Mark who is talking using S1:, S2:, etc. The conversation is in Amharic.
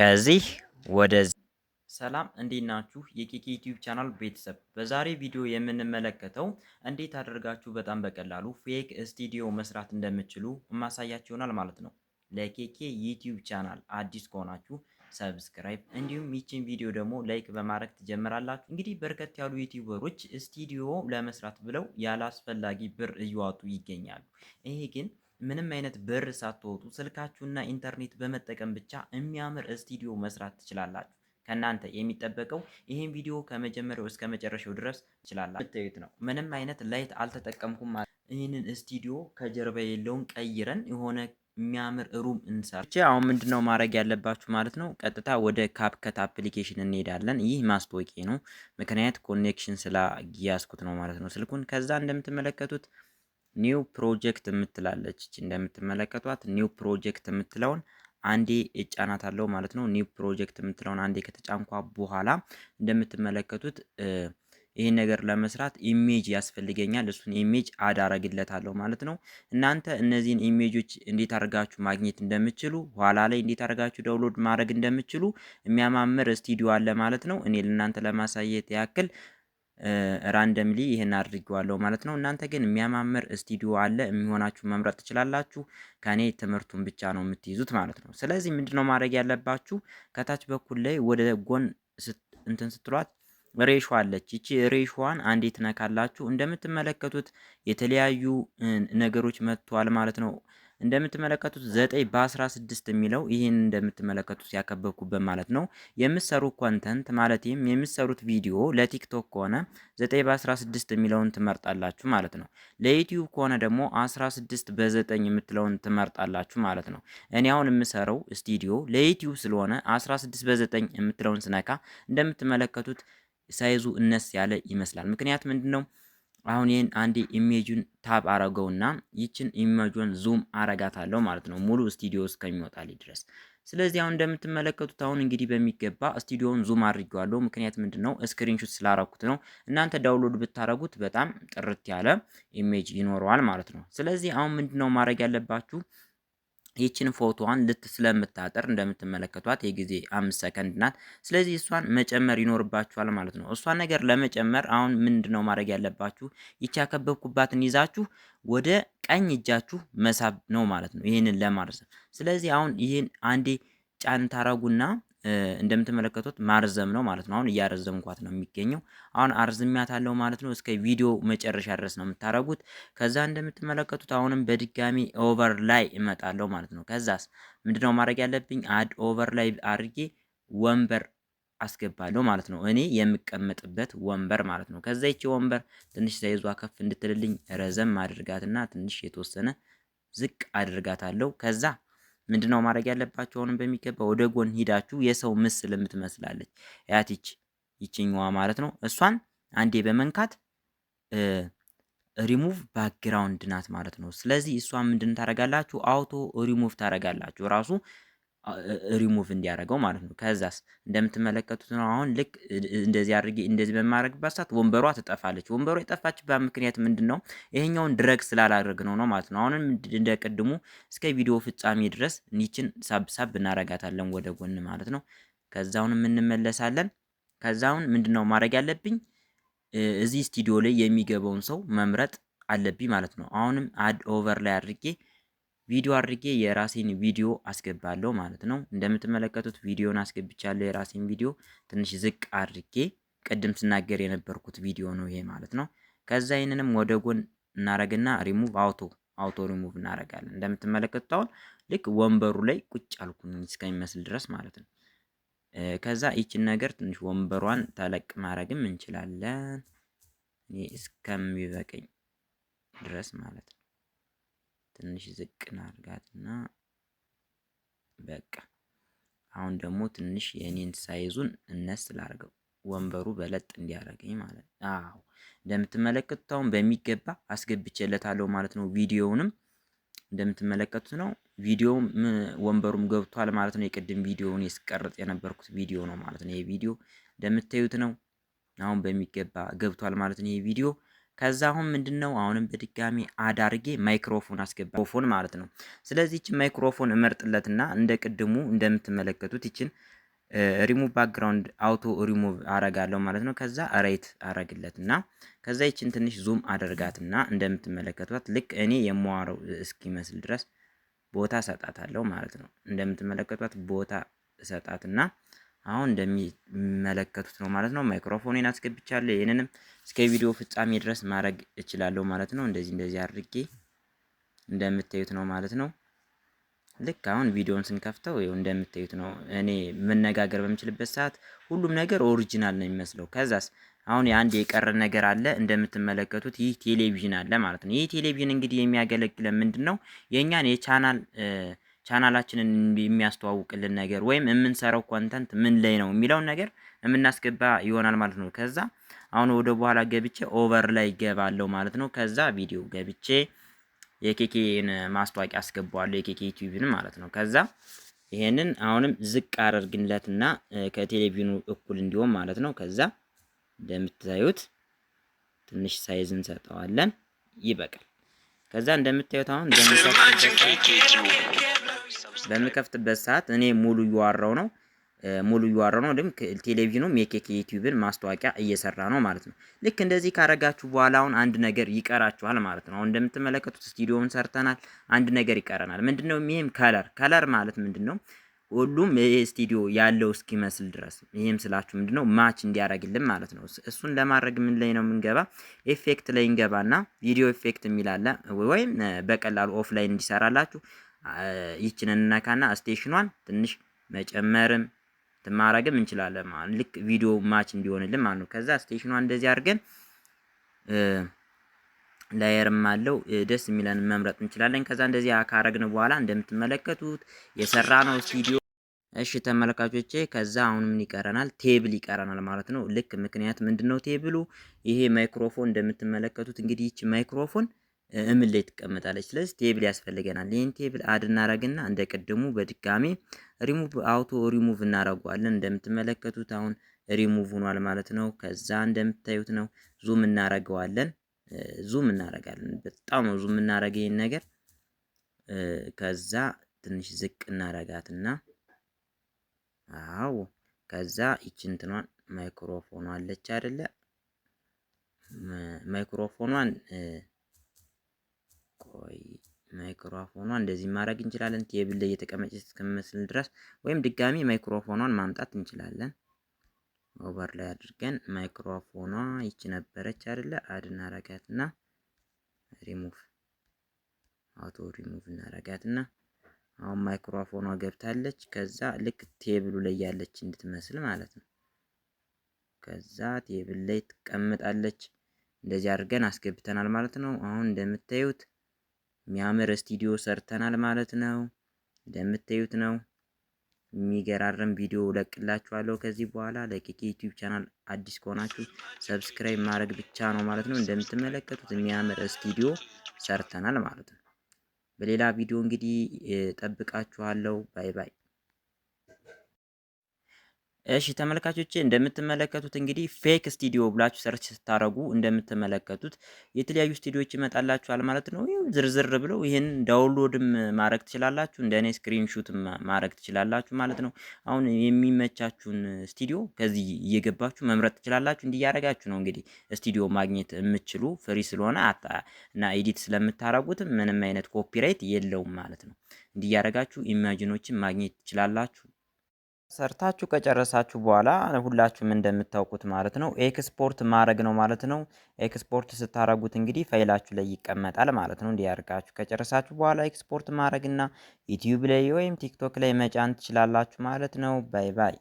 S1: ከዚህ ወደዚህ። ሰላም እንዴት ናችሁ? የኬኬ ዩቲዩብ ቻናል ቤተሰብ፣ በዛሬ ቪዲዮ የምንመለከተው እንዴት አድርጋችሁ በጣም በቀላሉ ፌክ ስቱዲዮ መስራት እንደምትችሉ እማሳያችሁ ይሆናል ማለት ነው። ለኬኬ ዩቲዩብ ቻናል አዲስ ከሆናችሁ ሰብስክራይብ እንዲሁም ይችን ቪዲዮ ደግሞ ላይክ በማድረግ ትጀምራላችሁ። እንግዲህ በርከት ያሉ ዩቲዩበሮች ስቱዲዮ ለመስራት ብለው ያላስፈላጊ ብር እየዋጡ ይገኛሉ። ይሄ ግን ምንም አይነት በር ሳትወጡ ስልካችሁና ኢንተርኔት በመጠቀም ብቻ የሚያምር ስቱዲዮ መስራት ትችላላችሁ። ከእናንተ የሚጠበቀው ይህን ቪዲዮ ከመጀመሪያው እስከ መጨረሻው ድረስ ትችላላችሁ። የምታዩት ነው። ምንም አይነት ላይት አልተጠቀምኩም። ይህንን ስቱዲዮ ከጀርባ የለውን ቀይረን የሆነ የሚያምር ሩም እንሰራ ብቻ። አሁን ምንድነው ማድረግ ያለባችሁ ማለት ነው፣ ቀጥታ ወደ ካፕከት አፕሊኬሽን እንሄዳለን። ይህ ማስታወቂያ ነው፣ ምክንያት ኮኔክሽን ስላያስኩት ነው ማለት ነው ስልኩን። ከዛ እንደምትመለከቱት ኒው ፕሮጀክት የምትላለች እች እንደምትመለከቷት ኒው ፕሮጀክት የምትለውን አንዴ እጫናታለሁ ማለት ነው። ኒው ፕሮጀክት የምትለውን አንዴ ከተጫንኳ በኋላ እንደምትመለከቱት ይህን ነገር ለመስራት ኢሜጅ ያስፈልገኛል። እሱን ኢሜጅ አዳረግለታለሁ ማለት ነው። እናንተ እነዚህን ኢሜጆች እንዴት አድርጋችሁ ማግኘት እንደምችሉ፣ ኋላ ላይ እንዴት አድርጋችሁ ዳውንሎድ ማድረግ እንደምችሉ የሚያማምር ስቱዲዮ አለ ማለት ነው። እኔ ለእናንተ ለማሳየት ያክል ራንደምሊ ይሄን አድርጌዋለሁ ማለት ነው። እናንተ ግን የሚያማምር ስቱዲዮ አለ የሚሆናችሁ መምረጥ ትችላላችሁ። ከኔ ትምህርቱን ብቻ ነው የምትይዙት ማለት ነው። ስለዚህ ምንድነው ማድረግ ያለባችሁ? ከታች በኩል ላይ ወደ ጎን እንትን ስትሏት ሬሾ አለች። ይቺ ሬሾዋን አንዴ ትነካላችሁ። እንደምትመለከቱት የተለያዩ ነገሮች መጥተዋል ማለት ነው። እንደምትመለከቱት 9 በ16 የሚለው ይህን እንደምትመለከቱት ያከበብኩበት ማለት ነው። የምትሰሩ ኮንተንት ማለት ማለትም የምትሰሩት ቪዲዮ ለቲክቶክ ከሆነ 9 በ16 የሚለውን ትመርጣላችሁ ማለት ነው። ለዩቲዩብ ከሆነ ደግሞ 16 በ9 የምትለውን ትመርጣላችሁ ማለት ነው። እኔ አሁን የምሰረው ስቱዲዮ ለዩቲዩብ ስለሆነ 16 በ9 የምትለውን ስነካ እንደምትመለከቱት ሳይዙ እነስ ያለ ይመስላል። ምክንያት ምንድን ነው? አሁን ይህን አንዴ ኢሜጁን ታብ አረገውና ይችን ኢሜጁን ዙም አረጋታለሁ ማለት ነው ሙሉ ስቱዲዮ እስከሚወጣልኝ ድረስ። ስለዚህ አሁን እንደምትመለከቱት አሁን እንግዲህ በሚገባ ስቱዲዮውን ዙም አድርጌዋለሁ። ምክንያት ምንድን ነው ስክሪንሹት ስላረኩት ነው። እናንተ ዳውንሎድ ብታረጉት በጣም ጥርት ያለ ኢሜጅ ይኖረዋል ማለት ነው። ስለዚህ አሁን ምንድን ነው ማድረግ ያለባችሁ ይችን ፎቶዋን ልት ስለምታጠር እንደምትመለከቷት የጊዜ አምስት ሰከንድ ናት። ስለዚህ እሷን መጨመር ይኖርባችኋል ማለት ነው። እሷን ነገር ለመጨመር አሁን ምንድን ነው ማድረግ ያለባችሁ? ይቺ ያከበብኩባትን ይዛችሁ ወደ ቀኝ እጃችሁ መሳብ ነው ማለት ነው። ይህንን ለማድረስ ስለዚህ አሁን ይህን አንዴ ጫን ታረጉና እንደምትመለከቱት ማርዘም ነው ማለት ነው። አሁን እያረዘምኳት ነው የሚገኘው። አሁን አለው ማለት ነው። እስከ ቪዲዮ መጨረሻ ድረስ ነው የምታደርጉት። ከዛ እንደምትመለከቱት አሁንም በድጋሚ ኦቨር ላይ እመጣለሁ ማለት ነው። ከዛስ ምንድነው ማድረግ ያለብኝ? አድ ኦቨር ላይ አድርጌ ወንበር አስገባለሁ ማለት ነው። እኔ የምቀመጥበት ወንበር ማለት ነው። ከዛ ይቺ ወንበር ትንሽ ሳይዟ ከፍ እንድትልልኝ ረዘም አድርጋትና ትንሽ የተወሰነ ዝቅ አድርጋታለሁ ከዛ ምንድነው ማድረግ ያለባችሁ? አሁንም በሚገባ ወደ ጎን ሂዳችሁ የሰው ምስል የምትመስላለች ያት ይች ይችኛዋ ማለት ነው። እሷን አንዴ በመንካት ሪሙቭ ባክግራውንድ ናት ማለት ነው። ስለዚህ እሷ ምንድን ታደርጋላችሁ? አውቶ ሪሙቭ ታደርጋላችሁ ራሱ ሪሙቭ እንዲያደርገው ማለት ነው። ከዛስ እንደምትመለከቱት ነው። አሁን ልክ እንደዚህ አድርጌ እንደዚህ በማድረግባት ሰዓት ወንበሯ ትጠፋለች። ወንበሯ የጠፋችበት ምክንያት ምንድን ነው? ይሄኛውን ድረግ ስላላደረግ ነው ነው ማለት ነው። አሁንም እንደ ቅድሙ እስከ ቪዲዮ ፍጻሜ ድረስ ኒችን ሳብሳብ እናረጋታለን ወደ ጎን ማለት ነው። ከዛውን እንመለሳለን። ከዛውን ምንድን ነው ማድረግ ያለብኝ? እዚህ ስቱዲዮ ላይ የሚገባውን ሰው መምረጥ አለብኝ ማለት ነው። አሁንም አድ ኦቨር ላይ አድርጌ ቪዲዮ አድርጌ የራሴን ቪዲዮ አስገባለሁ ማለት ነው። እንደምትመለከቱት ቪዲዮን አስገብቻለሁ። የራሴን ቪዲዮ ትንሽ ዝቅ አድርጌ ቅድም ስናገር የነበርኩት ቪዲዮ ነው ይሄ ማለት ነው። ከዛ ይህንንም ወደ ጎን እናረግና ሪሙቭ አውቶ አውቶ ሪሙቭ እናረጋለን። እንደምትመለከቱት አሁን ልክ ወንበሩ ላይ ቁጭ አልኩኝ እስከሚመስል ድረስ ማለት ነው። ከዛ ይችን ነገር ትንሽ ወንበሯን ተለቅ ማድረግም እንችላለን እስከሚበቀኝ ድረስ ማለት ነው። ትንሽ ዝቅ እና በቃ አሁን ደግሞ ትንሽ የእኔን ሳይዙን እነስ ላርገው ወንበሩ በለጥ እንዲያደርገኝ ማለት ነው። አዎ እንደምትመለከቱት አሁን በሚገባ አስገብቼለታለሁ ማለት ነው። ቪዲዮውንም እንደምትመለከቱት ነው። ቪዲዮውም ወንበሩም ገብቷል ማለት ነው። የቅድም ቪዲዮውን የስቀርጽ የነበርኩት ቪዲዮ ነው ማለት ነው። ይሄ ቪዲዮ እንደምታዩት ነው። አሁን በሚገባ ገብቷል ማለት ነው። ይሄ ቪዲዮ ከዛ አሁን ምንድነው አሁንም በድጋሚ አዳርጌ ማይክሮፎን አስገባ ፎን ማለት ነው። ስለዚህ ይችን ማይክሮፎን እመርጥለትና እንደ ቅድሙ እንደምትመለከቱት ይችን ሪሙቭ ባክግራውንድ አውቶ ሪሙቭ አረጋለሁ ማለት ነው። ከዛ ራይት አረግለትና ከዛ ይችን ትንሽ ዙም አደርጋትና እንደምትመለከቷት ልክ እኔ የማዋረው እስኪመስል ድረስ ቦታ እሰጣታለሁ ማለት ነው። እንደምትመለከቷት ቦታ እሰጣትና አሁን እንደሚመለከቱት ነው ማለት ነው። ማይክሮፎኔን አስገብቻለሁ። ይህንንም እስከ ቪዲዮ ፍጻሜ ድረስ ማድረግ እችላለሁ ማለት ነው። እንደዚህ እንደዚህ አድርጌ እንደምታዩት ነው ማለት ነው። ልክ አሁን ቪዲዮን ስንከፍተው ይኸው እንደምታዩት ነው። እኔ መነጋገር በምችልበት ሰዓት ሁሉም ነገር ኦሪጂናል ነው የሚመስለው። ከዛስ አሁን የአንድ የቀረ ነገር አለ። እንደምትመለከቱት ይህ ቴሌቪዥን አለ ማለት ነው። ይህ ቴሌቪዥን እንግዲህ የሚያገለግለን ምንድን ነው የእኛን የቻናል ቻናላችንን የሚያስተዋውቅልን ነገር ወይም የምንሰራው ኮንተንት ምን ላይ ነው የሚለውን ነገር የምናስገባ ይሆናል ማለት ነው። ከዛ አሁን ወደ በኋላ ገብቼ ኦቨር ላይ ገባለው ማለት ነው። ከዛ ቪዲዮ ገብቼ የኬኬን ማስታወቂያ አስገባዋለሁ የኬኬ ዩቲዩብን ማለት ነው። ከዛ ይሄንን አሁንም ዝቅ ና ከቴሌቪዥኑ እኩል እንዲሆን ማለት ነው። ከዛ እንደምታዩት ትንሽ ሳይዝ እንሰጠዋለን፣ ይበቃል። ከዛ እንደምታዩት አሁን በምከፍትበት ሰዓት እኔ ሙሉ እያዋራው ነው ሙሉ እያዋራው ነው። ደግሞ ቴሌቪዥኑ ሜኬክ ዩቲዩብን ማስታወቂያ እየሰራ ነው ማለት ነው። ልክ እንደዚህ ካረጋችሁ በኋላ አሁን አንድ ነገር ይቀራችኋል ማለት ነው። አሁን እንደምትመለከቱት ስቱዲዮውን ሰርተናል። አንድ ነገር ይቀረናል። ምንድነው? ይህም ከለር ከለር ማለት ምንድነው? ሁሉም ስቱዲዮ ያለው እስኪመስል ድረስ ይህም ስላችሁ ምንድነው ማች እንዲያደርግልን ማለት ነው። እሱን ለማድረግ ምን ላይ ነው የምንገባ? ኤፌክት ላይ እንገባና ቪዲዮ ኤፌክት የሚላለ ወይም በቀላሉ ኦፍላይን እንዲሰራላችሁ ይችን እንነካና ስቴሽኗን ትንሽ መጨመርም ትማረግም እንችላለን ማለት ልክ ቪዲዮ ማች እንዲሆንልን ማለት ነው። ከዛ ስቴሽኗን እንደዚህ አድርገን ላየርም አለው ደስ የሚለን መምረጥ እንችላለን። ከዛ እንደዚህ ካረግን በኋላ እንደምትመለከቱት የሰራ ነው ስቱዲዮ እሺ ተመልካቾቼ ከዛ አሁን ምን ይቀረናል? ቴብል ይቀረናል ማለት ነው። ልክ ምክንያት ምንድነው ቴብሉ ይሄ ማይክሮፎን እንደምትመለከቱት እንግዲህ ይቺ ማይክሮፎን እምን ላይ ትቀመጣለች። ስለዚህ ቴብል ያስፈልገናል። ይህን ቴብል አድ እናረግና እንደ ቅድሙ በድጋሚ ሪሙቭ አውቶ ሪሙቭ እናረጓለን። እንደምትመለከቱት አሁን ሪሙቭ ሆኗል ማለት ነው። ከዛ እንደምታዩት ነው። ዙም እናረገዋለን። ዙም እናረጋለን። በጣም ነው ዙም እናረገ ይህን ነገር ከዛ ትንሽ ዝቅ እናረጋትና አዎ ከዛ ይች እንትኗን ማይክሮፎኗ አለች አይደለ ማይክሮፎኗን ቆይ ማይክሮፎኗ እንደዚህ ማድረግ እንችላለን። ቴብል ላይ እየተቀመጨች እስከምመስል ድረስ ወይም ድጋሚ ማይክሮፎኗን ማምጣት እንችላለን። ኦቨር ላይ አድርገን ማይክሮፎኗ ይቺ ነበረች አይደለ አድ እናረጋትና ሪሙቭ አውቶ ሪሙቭ እናረጋትና አሁን ማይክሮፎኗ ገብታለች። ከዛ ልክ ቴብሉ ላይ ያለች እንድትመስል ማለት ነው። ከዛ ቴብል ላይ ትቀምጣለች። እንደዚህ አድርገን አስገብተናል ማለት ነው። አሁን እንደምታዩት የሚያምር ስቱዲዮ ሰርተናል ማለት ነው። እንደምታዩት ነው። የሚገራረም ቪዲዮ ለቅላችኋለሁ ከዚህ በኋላ ለኬኬ ዩቲዩብ ቻናል አዲስ ከሆናችሁ ሰብስክራይብ ማድረግ ብቻ ነው ማለት ነው። እንደምትመለከቱት የሚያምር ስቱዲዮ ሰርተናል ማለት ነው። በሌላ ቪዲዮ እንግዲህ ጠብቃችኋለሁ። ባይ ባይ። እሺ ተመልካቾቼ እንደምትመለከቱት እንግዲህ ፌክ ስቱዲዮ ብላችሁ ሰርች ስታደረጉ እንደምትመለከቱት የተለያዩ ስቱዲዮዎች ይመጣላችኋል ማለት ነው። ዝርዝር ብለው ይህን ዳውንሎድም ማድረግ ትችላላችሁ፣ እንደ እኔ ስክሪንሹት ማድረግ ትችላላችሁ ማለት ነው። አሁን የሚመቻችሁን ስቱዲዮ ከዚህ እየገባችሁ መምረጥ ትችላላችሁ። እያደረጋችሁ ነው እንግዲህ ስቱዲዮ ማግኘት የምችሉ ፍሪ ስለሆነ እና ኤዲት ስለምታደረጉት ምንም አይነት ኮፒራይት የለውም ማለት ነው። እንዲያደረጋችሁ ኢማጂኖችን ማግኘት ትችላላችሁ። ሰርታችሁ ከጨረሳችሁ በኋላ ሁላችሁም እንደምታውቁት ማለት ነው ኤክስፖርት ማድረግ ነው ማለት ነው። ኤክስፖርት ስታረጉት እንግዲህ ፋይላችሁ ላይ ይቀመጣል ማለት ነው። እንዲያርጋችሁ ከጨረሳችሁ በኋላ ኤክስፖርት ማድረግና ዩቲዩብ ላይ ወይም ቲክቶክ ላይ መጫን ትችላላችሁ ማለት ነው። ባይ ባይ።